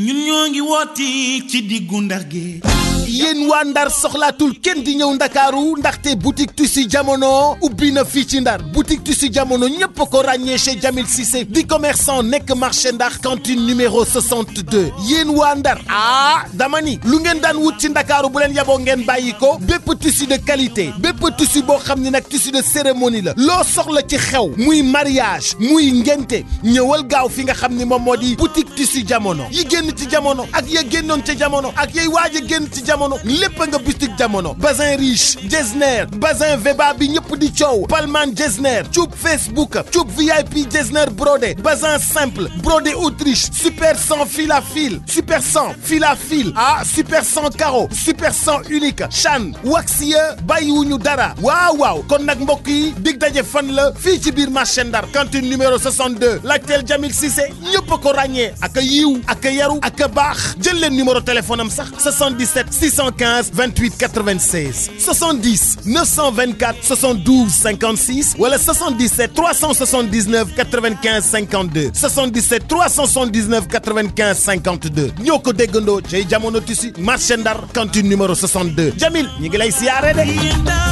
ñun ñoo ngi wooti ci diggu ndar gi yéen waa ndar soxlaatul kenn di ñëw ndakaaru ndaxte boutique tissu jamono ubbi na ci ndar boutique jamono ñépp ko ràññee chez Jamil Cissé di commerçant nekk marché ndar cantine numéro 62 yéen waa ndar ah dama ni lu ngeen daan wut ci ndakaaru bu leen yaboo ngeen bàyyi ko tissu de qualité bépp tissu boo xam ne nag tissu de cérémonie la loo soxla ci xew muy mariage muy ngente ñëwal gaaw fi nga xam ne moom boutique tissu jamono yi génn ci jamono ak ya génnoon Gen jamono ak yay waaj a ci jamono lépp nga jamono bazin riche jesner bazin veba bi ñëpp di coow palman jesner cuub facebook cuub vip jesner Brode bazin simple brode autriche super 100 fil à fil super 100 fil à fil ah super 100 carreau super 100 unique chan waxiya bàyyiwuñu dara waaw waaw kon nag mbokk yi dig daje fan la fii ci biir marché Ndar cantine numéro 62 lactel Jamil Cissé ñëpp ko ràññee ak a ak a ak a baax jël leen numéro téléphone 77 615 28 96 70 924 72 56 wala 77 379 95 52 77 379 95 52 N'yoko ko J'ai jamono tissu marché Ndar cantine numéro 62 Jamil ñi ngi lay siyaare